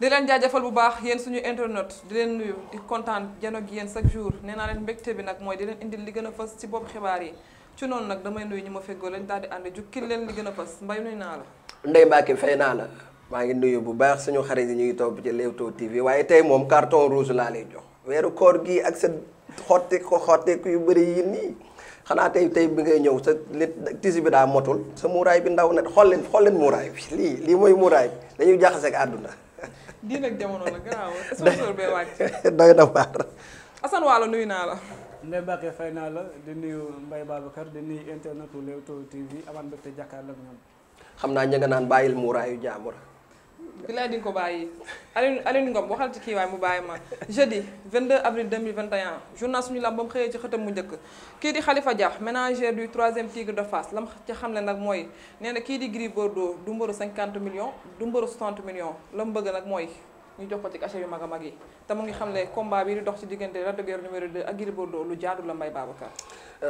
di leen jaajafal bu baax yéen suñu internet di leen nuyu di kontaan jano gi yéen chaque jour nee naa leen mbégte bi nag mooy di leen indil li gën a fës ci bopp xibaar yi ci noonu nag damay nuyu ñi ma feggoo leen daal di ànd jukkil leen li gën a fës mbay nuyu naa la Ndeye Mbacke fay naa la maa ngi nuyu bu baax suñu xarit yi ñu ngi topp ci Leewtoo TV waaye tey moom carton rouge laa lay jox weeru koor gi ak sa xotti ko xotteeku yu bëri yi nii xanaa tey tey bi ngay ñëw sa li tisi bi daa motul sa muuraay bi ndaw na xool leen xool leen bi lii lii mooy muuraay bi dañuy jaxase àdduna diin ak jamono la garaaw sponsor bee wàcc. doy na waar. Assane Waalo nuyu naa la. Ndeye Mbacke fay naa la di nuyu Mbaye Babacar di nuyu internetu Leewtoo TV amaan mbégte jàkkaarloo ak ñoom. xam naa ña nga naan bàyyil muuraayu jaamur. bilaay di nga ko bàyyi Alioune Alioune Ngom waxal ci kii waay mu bàyyi ma jeudi 22 avril 2021 journal suñu lam ba mu xëyee ci xëtam mu njëkk kii di Khalifa Dia ménager du troisième tigre de Fass lam ca xam ne nag mooy nee na kii di Gris Bordeaux du mbëru 50 millions du mbëru 60 millions la mu bëgg nag mooy ñu jox ko ci cachet yu mag a mag yi te mu ngi xam ne combat bi di dox ci diggante Lac de Guiers numéro 2 ak Gris Bordeaux lu jaadu la Mbaye Babacar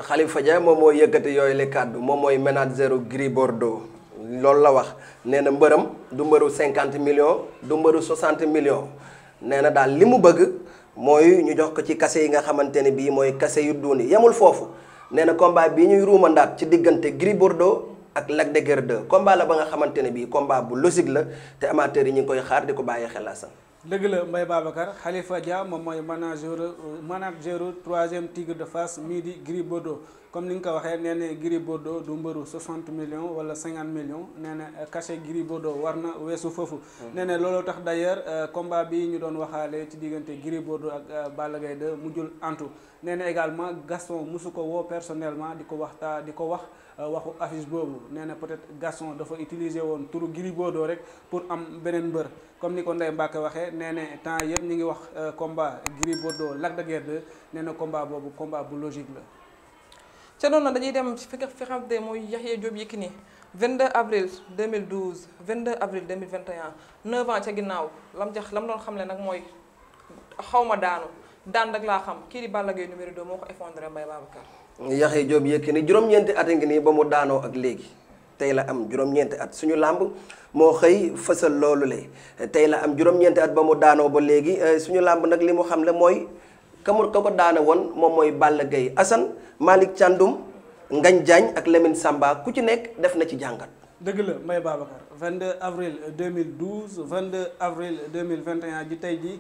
Khalifa Dia moom mooy yëkkati yooyu le kàddu moom mooy ménageru Gris Bordeaux loolu la wax nee na mbërëm du mbëru cinquante million du mbëru soixante million nee na daal li mu bëgg mooy ñu jox ko ci kase yi nga xamante ne bii mooy kase yu duuni yemul foofu nee na combat bii ñuy ruumandaat ci diggante Gris Bordeaux ak Lac de Guiers la ba nga xamante ne bii combat bu logique la te amateur yi ñu ngi koy xaar di ko bàyyi xel Assane dëgg la Mbaye Babacar Khalifa Dia moom mooy manager manager troisième tigre de Fass mii di Gris Bordeaux comme ni nga ko waxee nee na Gris Bordeaux du mbëru 60 wala 50 millions nee na euh, cachet Gris Bordeaux war na weesu foofu. Mm-hmm. nee na looloo tax d'ailleurs euh, combat bi ñu doon waxaale ci diggante Gris Bordeaux ak euh, Balla Gaye 2 mujjul antu nee na également ko woo personnellement di ko waxtaa di ko wax waxu affiche boobu nee na peut-être Gaston dafa utiliser woon turu Gris Bordeaux rek pour am beneen mbër comme ni ko Ndeye Mbacke waxee nee na temps yëpp ñu ngi wax combat Gris Bordeaux Lac de Guiers 2 nee na combat boobu combat bu logique la. ca noonu dañuy dem fi nga fi xam ne mooy Yaxya Jóob Yékini 22 avril 2012 de avril 2021 9 ans ca ginnaaw lam jax lam doon xam ne nag mooy xawma daanu daan rek laa xam kii di Balla Gaye numéro 2 moo ko ma Mbaye Babacar. Yaxya Jóob Yékini juróom-ñeenti at ngi nii ba mu daanoo ak léegi. tey la am juróom-ñeenti at suñu làmb moo xëy fësal loolu le tey la am juróom-ñeenti at ba mu daanoo ba léegi eh, suñu làmb nag li mu xam le mooy ka mu ka ko daane woon moom mooy Balla Gaye Assane Malick Thiandoum Ngagne Diagne ak Lamine Samba ku ci nekk def na ci jàngat. dëgg la Mbaye Babacar 22 avril 2012 22 avril 2021 ji tey jii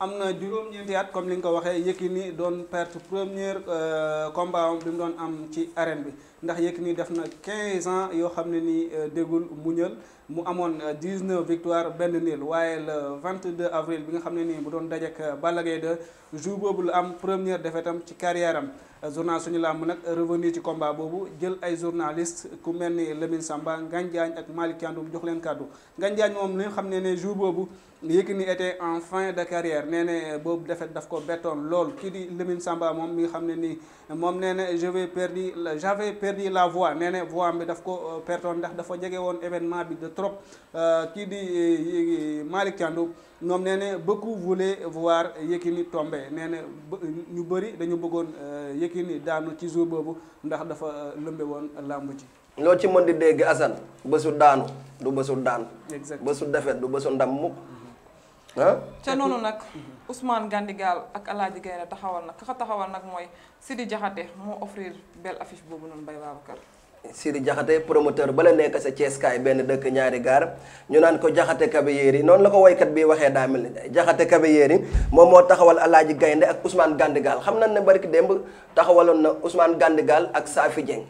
am na juróom-ñeenti at comme li nga ko waxee Yékini doon perte première euh, combat am bi mu doon am ci arène bi ndax yëkk Yékini def na 15 ans yoo xam ne nii euh, déggul muñal. mu amoon 19 euh, victoire benn nil waaye le 22 avril bi nga xam ne nii bu doon dajek euh, Balla Gaye 2 jour boobu la am première défaite am ci carrière am journal suñu mun nag revenu ci combat boobu jël ay journaliste ku mel ni Lamine Samba Ngagne Diagne ak Malick Thiandoum jox leen kàddu Ngagne Diagne moom li nga xam ne ne jour boobu Yékini était en fin de carrière nee euh, boobu défaite daf ko bettoon lool kii di Lamine Samba moom mi nga xam ne nii moom nee na je vais perdu la voix nee na voix bi daf ko pertoon ndax dafa jege woon événement bi de trop euh, kii di euh, Malick Thiandou ñoom nee na beaucoup voulaient voir Yékini tomber nee na ñu bëri dañu bëggoon euh, Yékini daanu ci jour boobu ndax dafa lëmbe woon làmb ji. loo ci mën di dégg Assane bésu daanu du bésu daan. exactement bésu defet du bésu ndam mukk ca noonu nag Ousmane Gandigal ak Alaaji Gaynde taxawal nag ka taxawal nag mooy Sidi Jaxate moo offrir belle affiche boobu noonu Baye Babacar Siri Jaxate promoteur bala nekk sa Ceeskaay benn dëkk ñaari gaar ñu naan ko Jaxate Kabeyeri noonu la ko woykat bi waxee daa mel ni Jaxate Kabeyeri moom moo taxawal Alaaji Gaynde ak Ousmane Gandigal xam nañ ne barki démb taxawaloon na Ousmane Gandigal ak Safi Dieng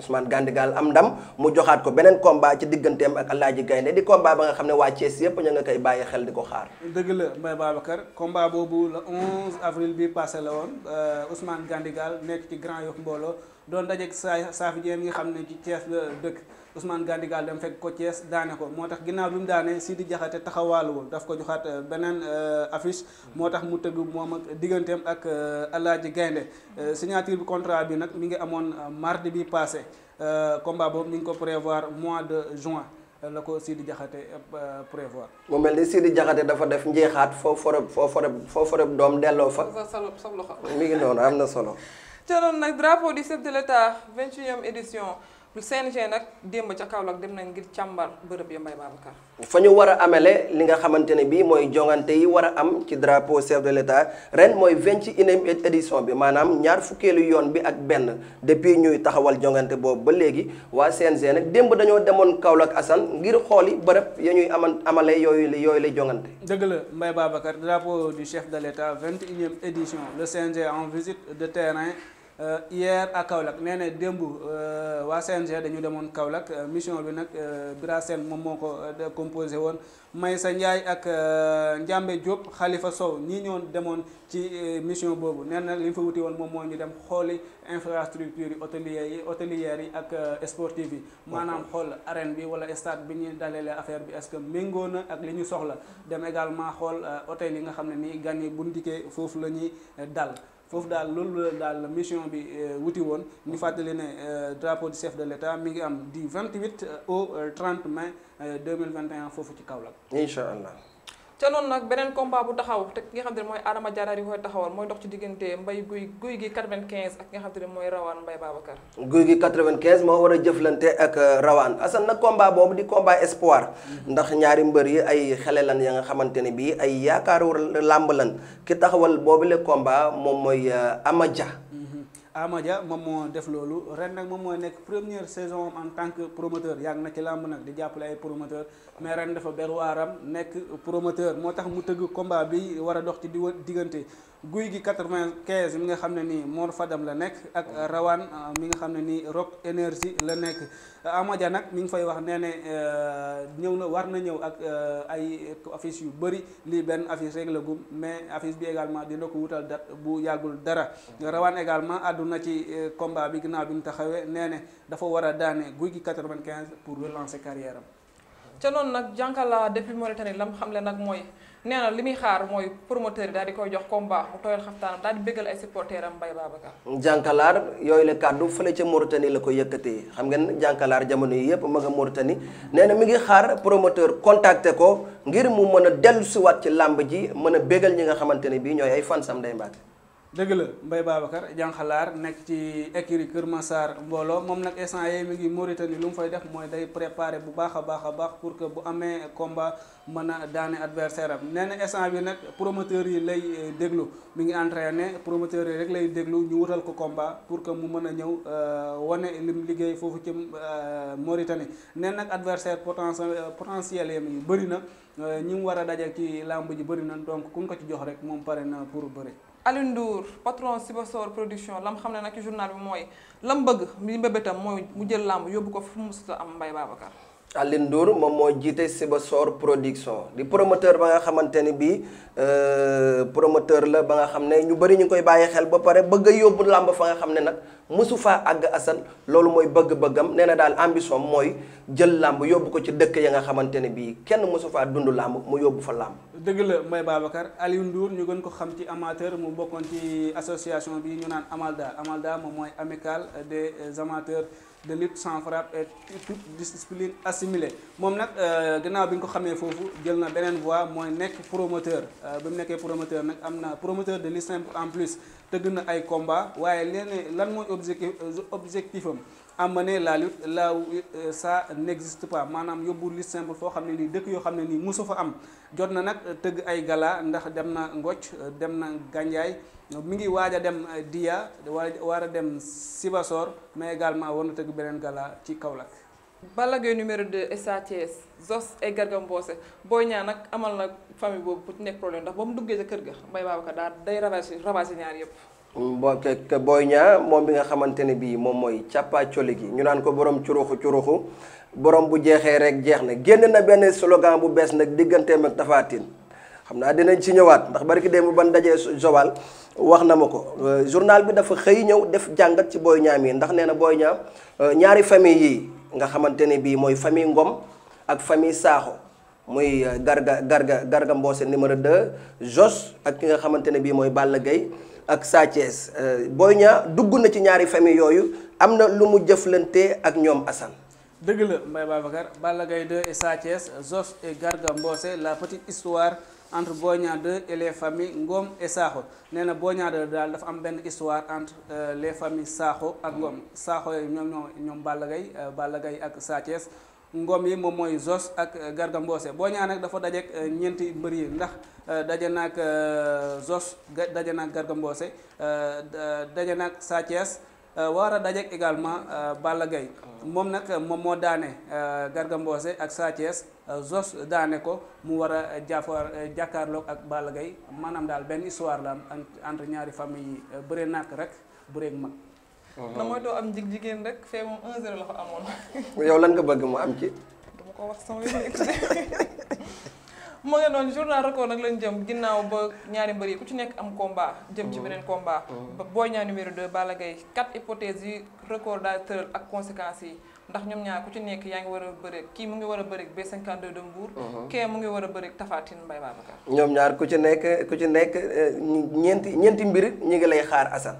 Ousmane Gandigal am ndam mu joxaat ko beneen combat ci digganteem ak Alaaji Gaynde di combat ba nga xam ne waa Cees yëpp ñu nga koy bàyyi xel di ko xaar dëgg la Mbaye Babacar combat boobu le 11 avril bi passé la woon euh, Ousmane Gandigal nekk ci Grand Yoff doon dajeeg saa saafi jeen nga xam ne ci Thiès la dëkk Ousmane Gandigal dem fekk ko Thiès daane ko moo tax ginnaaw bi mu daane Sidi Jaxate taxawaaluwul daf ko joxaat euh, beneen euh, affiche moo tax mu tëgg moom ak digganteem ak euh, Alaaji Gaynde signature bi contrat bi nag mi ngi amoon mardi bi passé combat boobu ñu ngi ko prévoir mois de juin la ko Sidi Jaxate prévoir. mu mel ni Sidi Jaxate dafa def njeexaat foo foreb foo foreb foo foreb doom delloo fa. mi ngi noonu am na solo. teeloon nag drapeau du chef de l'état 21e édition lu CNG nag démb ca Kaolack dem nañ ngir càmbar bërëb ya Mbaye Babacar. fa ñu war a amele li nga xamante ne bii mooy jongante yi war a am ci drapeau chef de l'état ren mooy 21e édition bi maanaam ñaar fukkeelu yoon bi ak benn depuis ñuy taxawal jongante boobu ba léegi waa CNG nag démb dañoo demoon Kaolack Assane ngir xooli bërëb ya ñuy aman amale yooyu la yooyu lay jongante. dëgg la Mbaye Babacar drapeau du de l'état 21e édition le CNG en visite de terrain. Euh, hier à Kaolack nee na démb euh, waa CNG dañu demoon Kaolack euh, mission bi nag Bira Sène moom moo ko composé woon may sa Ndiaye ak njàmbe Diop xalifa Sow ñii ñoo demoon ci mission boobu nee na li ñu fa wuti woon moom moo ñu dem xooli infrastructure yi hôtelier yi hôtelières yi ak sportive yi maanaam xool arène bi wala stade bi ñuy dalelee affaire bi est-ce que méngoo na ak li ñu soxla dem également xool hôtel yi nga xam ne nii gan yi bu ñu foofu la ñuy dal foofu daal loolu daal mission bi euh, wuti woon ñu fàttali ne euh, drapeau du chef de l'État mi ngi am euh, vingt 28 au trente 30 mai 2021 foofu ci Kaolack. incha allah. ca noonu nag beneen combat bu taxaw te ki nga xam te ne mooy Adama Diarra yi koy taxawal mooy dox ci diggante mbay guy guy gi 95 ak ki nga xam te ne mooy rawaan mbay Babacar. guy gi 95 moo war a jëflante ak euh, rawaan asan na combat boobu di combat espoir mm-hmm. ndax ñaari mbër yi ay xele lan ya nga xamante ne bii ay yaakaaru làmb lan ki taxawal boobu le combat moom mooy euh, Ama Dia mm-hmm. Amadia moom moo def loolu ren nag moom mooy nekk première saison en tant que promoteur yàgg na ci làmb nag di jàppale ay promoteur mais ren dafa berwaaram nekk promoteur moo tax mu tëgg combat bi war a dox ci diggante guy gi quatre-vingt-quinze mi nga xam ne nii Mor Fadam la nekk ak rawan euh, mi nga xam ne nii Rock Énergie la nekk Amadia nag mi ngi fay wax nee ne euh, ñëw na war na ñëw ak euh, ay affiche yu bëri lii benn affiche rek la mais affiche bi également dina ko wutal date bu yàggul dara Rawane également àdduna ci combat bi ginnaaw bi mu taxawee nee ne dafa war a daane guy gi quatre-vingt-quinze pour relancer carrière ca noonu nag Diankala depuis Mauritanie lam xamle nag mooy neena li muy xaar mooy promoteur yi daal di koy jox combat bu tooyal xaftaanam daal di béggal ay supporters am Mbaye Babacar. Diankalaar yooyu la kàddu fële ca Mauritanie la ko yëkkatee xam ngeen jamono yi yëpp ma nga Mauritanie nee na mi ngi xaar promoteur contacter ko ngir mu mën a dellu dellusiwaat ci làmb ji mën a bégal ñi nga xamante ne bii ñooy ay fansam day Mbacké. dëgg la Mbaye Babacar jànqalaar nekk ci écurie Kër Massar mbooloo moom nag instant yii mi ngi Mauritanie lu mu fay def mooy day préparer bu baax a baax a baax pour que bu amee combat mën a daane adversaire am nee na instant bi nag promoteurs yi lay euh, déglu mi ngi entraîné promoteurs yi rek lay déglu ñu wutal ko combat pour que mu mën a ñëw euh, wane lim liggéey foofu ci euh, Mauritanie nee nag adversaire potentiel potentiel yi bëri na. Euh, ñi mu war a dajal ci làmb ji bari na donc ku ko ci jox rek moom pare na pour bëri. Alioune Ndour patron Sibassor production lam xam ne nag ci journal bi mooy lam bëgg mi mbébétam mooy mu jël làmb yóbbu ko fu mu mës a am Mbaye Babacar. Alioune Ndour moom moo jiite Sibassor production di promoteur ba nga xamante ni bii euh, promoteur la ba nga xam ne ñu bëri ñu koy bàyyi xel ba pare bëgg a yóbbu làmb fa nga xam ne nag mosu faa àgg Assane loolu mooy bëgg-bëggam nee na daal ambition mooy jël làmb yóbbu ko ci dëkk ya nga xamante ne bii kenn mosu faa dund làmb mu yóbbu fa làmb. dëgg la Mbaye Babacar Alioune ñu gën ko xam ci amateur mu bokkoon ci association bi ñu naan Amalda Amalda moom mooy amicale des amateurs. de lutte sans frappe et toute discipline assimilée moom nag euh, gannaaw bi nga ko xamee foofu jël na beneen voie mooy nekk promoteur euh, bi mu nekkee promoteur nag am na promoteur de li simple en plus tëgg na ay combat waaye leneen lan mooy objectif objectif am à mener la lutte là sa euh, ça n'existe pas maanaam yóbbu lutte simple foo xam ne nii dëkk yoo xam ne nii musu fa am jot na nag tëgg ay gala ndax dem na Ngocc dem na Gandiaye mi ngi waaj dem Dia war a dem Sibassor mais également war na tëgg beneen gala ci Kaolack. Balla Gaye numéro 2 Sa Thiès Zos et Garga Mbossé Boy Niang nag na famille boobu ku ci nekk problème ndax ba mu duggee ca kër ga Mbaye Babacar daal day ravagé ravagé ñaar yëpp. boo ke Boy ñaar moom bi nga xamante ne bii moom mooy càppaa coli gi ñu naan ko borom curuxu curuxu borom bu jeexee rek jeex na génn na benn slogan bu bees nag digganteem ak Tapha Tine xam naa dinañ ci ñëwaat ndax barki démb ban dajee Joal wax na ma ko euh, journal bi dafa xëy ñëw def jàngat ci Boy Niang yi ndax nee na Boy Niang euh, ñaari famille yi nga xamante ne bii mooy famille Ngom ak famille Sakho muy euh, Garga Garga Garga Mbossé numéro 2 Jos ak ki nga xamante ne bii mooy Balla Gaye ak Sa Thiès euh, Boy Niang dugg na ci ñaari famille yooyu am na lu mu jëflante ak ñoom Assane. dëgg la Mbaye Babacar Balla Gaye 2 et Sa Thiès Zoss et Garga Mbossé la petite histoire entre Boy Niang 2 et les familles Ngom et Sakho nee na Boy Niang 2 daal dafa am benn histoire entre euh, les familles Sakho ak Ngom Sakho yooyu ñoom ñoom euh, Balla Gaye ak Sa ngoom yi moom mooy Zos ak euh, Garga boo ñaa nag dafa dajeek euh, ñeenti mbër yi ndax euh, daje naag Zos daje naag Garga Mbossé daje naag Sa war a dajeek également Balla Gaye moom nag moom moo daane Garga Mbossé ak Sa Thiès Zos daane ko mu war a jaafaar jàkkaarloog ak Balla Gaye maanaam daal benn histoire la am entre ñaari famille yi bëre nak rek bëreeg mag Uh-huh. na mooy doo am jig jigéen rek fee moom 1 0 la ko amoon. yow lan nga bëgg mu am ci. dama ko wax sama yëngu mu ngi noonu journal record nag lañ jëm ginnaaw ba ñaari mbër yi ku ci nekk am combat. jëm ci uh-huh. beneen combat. Uh-huh. Boy Niang numéro 2 Balla Gaye 4 hypothèses yi record daal tëral ak conséquences yi ndax ñoom ñaar ku ci nekk yaa ngi war a bëre kii mu ngi war a bëre B52 de Mbour. kee mu ngi war a bëri Tapha Tine Mbaye Babacar. ñoom ñaar ku ci nekk ku ci nekk eh, ñeenti ñeenti mbir ñu ngi lay xaar Assane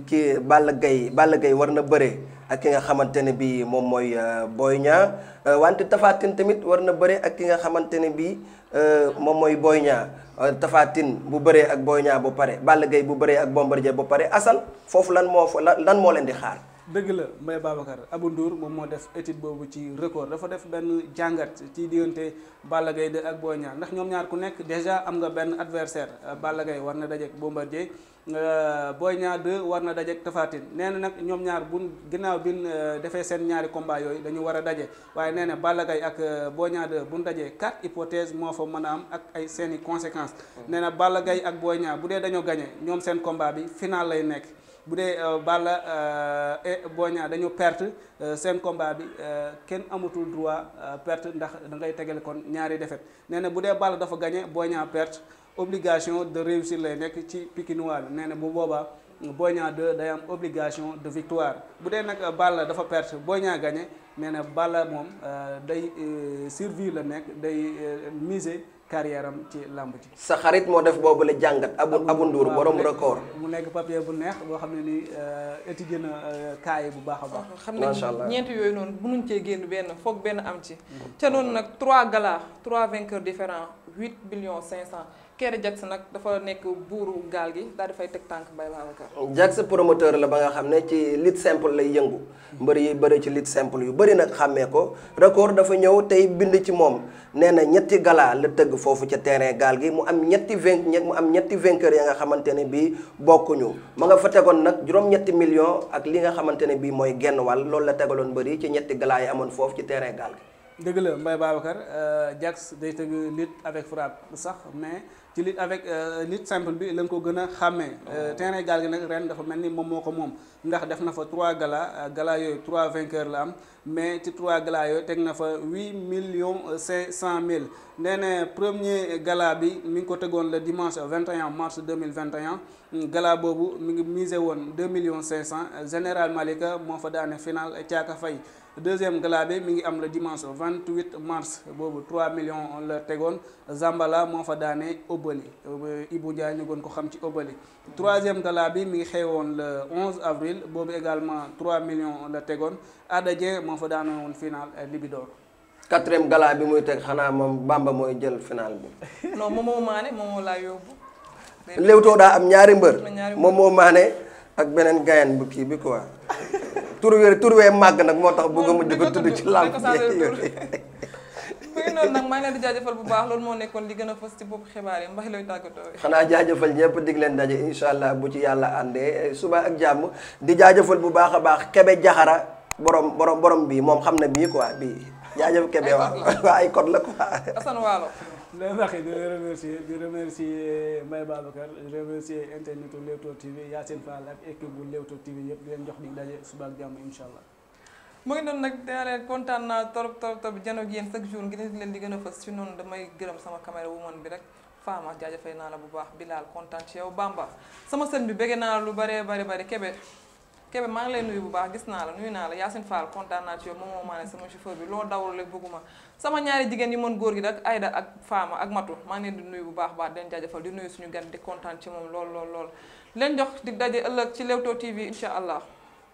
kii Balla Gaye Balla Gaye war na bëre ak ki nga xamante ne bii moom mooy euh, booy Niang euh, wante tafaatin tamit war na bëre ak ki nga xamante ne bii euh, moom mooy booy Niang tafaatin bu bëree ak Boy ñaa ba pare Balla Gaye bu bëree ak Bombardier ba pare asal foofu lan moo fa lan moo leen di xaar. dëgg la Mbaye Babacar abu Ndour moom moo def étude boobu ci record dafa def benn jàngat ci diggante Balla gay 2 ak Boy Niang ndax ñoom ñaar ku nekk déjà am nga benn adversaire euh, Balla Gaye war na dajeek Bombardier euh, Boy Niang 2 war na daje Tapha Tine nee na nag ñoom ñaar bu ginnaaw bi euh, defee seen ñaari combat yooyu dañu war a daje waaye nee na Balla ak Boy Niang 2 bu ñu dajee quatre hypothèses moo fa mën a am ak ay seeni conséquences mm-hmm. nee na Balla ak Boy Niang bu dee dañoo gagné ñoom seen combat bi final lay nekk bu dee euh, Balla euh, Boy Niang dañoo perte euh, seen combat bi kenn amatul droit perte ndax da ngay tegale kon ñaari défaite nee na bu dee Balla dafa gagné Boy Niang perte obligation de réussir lay nekk ci Pikinois bi nee na bu boobaa Boy Niang day am obligation de victoire bu dee nag Balla dafa perte Boy Niang gagné nee na Balla moom day survie la nekk day mise carrière am ci làmb ji. sa xarit moo def boobu la jàngat. abu abu nduur borom record. mu nekk papier bu neex boo xam ne nii euh, étudié na euh, kaay bu baax a baax. macha allah xam ne ñeenti yooyu noonu mënuñ cee génn benn foog benn am ci. Mm-hmm. ca noonu nag trois galas trois vainqueurs différent huit millions cinq cent. Keere Jax nag dafa nekk buuru gaal gi daal di fay teg tànk Mbaye Babacar. Jax la ba nga xam ne ci lutte simple lay yëngu. mbër yi bëri ci lutte simple yu bëri nag xàmmee ko record dafa ñëw tey bind ci moom nee na ñetti gala la tëgg foofu ca terrain gaal gi mu am ñetti vain mu am ñetti vainqueur ya nga xamante ne bii bokkuñu ma nga fa tegoon nag juróom-ñetti million ak li nga xamante ne bii mooy genn wàll loolu la tegaloon mbër ci ñetti gala yi amoon foofu ci terrain gaal gi. dëgg la euh, day tëgg lutte avec frappe sax mais. ci lutte avec lit euh, simple bi lañ ko gën a xàmmee. Euh, oh. terrain gaal gi nag ren dafa mel ni moom moo ko moom ndax def na fa trois gala euh, gala yooyu trois vainqueurs la am mais ci trois gala yooyu teg na fa huit millions cinq cent mille nee na premier gala bi mi ngi ko tegoon la dimanche vingt et un mars mille vingt et un mm, gala boobu mi ngi misé woon deux millions cinq cent général Malika moo fa daane finaal caaka fay. deuxième gala bi mi ngi am le dimanche 28 mars boobu 3 millions la tegoon Zambala moo fa daane Obali euh, Ibou Ndiaye ñu ko xam ci Obali troisième gala bi mi ngi xewoon le 11 avril boobu également 3 millions la tegoon Ada Dieng moo fa daane woon final Libidor quatrième gala bi muy teg xanaa moom Bamba mooy jël final bi non moom daa am ñaari mbër moom moo maane ak beneen gayan bu kii bi tur wee tur wee màgg nag moo tax bëgg mu di ko tudd ci làmb muy noonu maa ngi leen di jaajëfal bu baax loolu moo nekkoon li gën a fës ci boobu xibaar yi mbax xanaa jaajëfal ñëpp dig leen daje incha allah bu ci yàlla àndee suba ak jàmm di jaajëfal bu baax a baax kebe jaxara borom borom borom bii moom xam na bii quoi bii jaajëf kebe waaw ay code la quoi asan léegi nag di remercier di remercier Mbaye Babacar di remercier internetu Leewtoo TV Yacine Fall ak équipe bu Leewtoo TV yëpp leen jox dig daje suba ak jàmm incha mooy mu noonu nag dina leen naa torop torop torop jano ak yéen chaque jour ngi leen di gën a fës ci noonu damay gërëm sama caméra woman bi rek Fama jaajëfee naa la bu baax Bilal kontaan ci yow Bamba sama sën bi bëggee naa la lu bëree bëri bëri Kébé. Kébé maa ngi lay nuyu bu baax gis naa la nuyu naa la Yacine Fall kontaan naa ci yow moom moo maa ne sama chauffeur bi loo dawul rek bëgguma sama ñaari jigéen yi mën góor gi nag Aïda ak Fama ak Matu maa ngi leen di nuyu bu baax baax den jaajëfal di nuyu suñu gan di kontaan ci moom lool lool lool leen jox di daje ëllëg ci Leewtoo TV incha allah